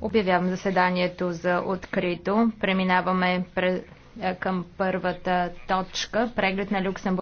Обявявам заседанието за открито. Преминаваме към първата точка. Преглед на Люксембург.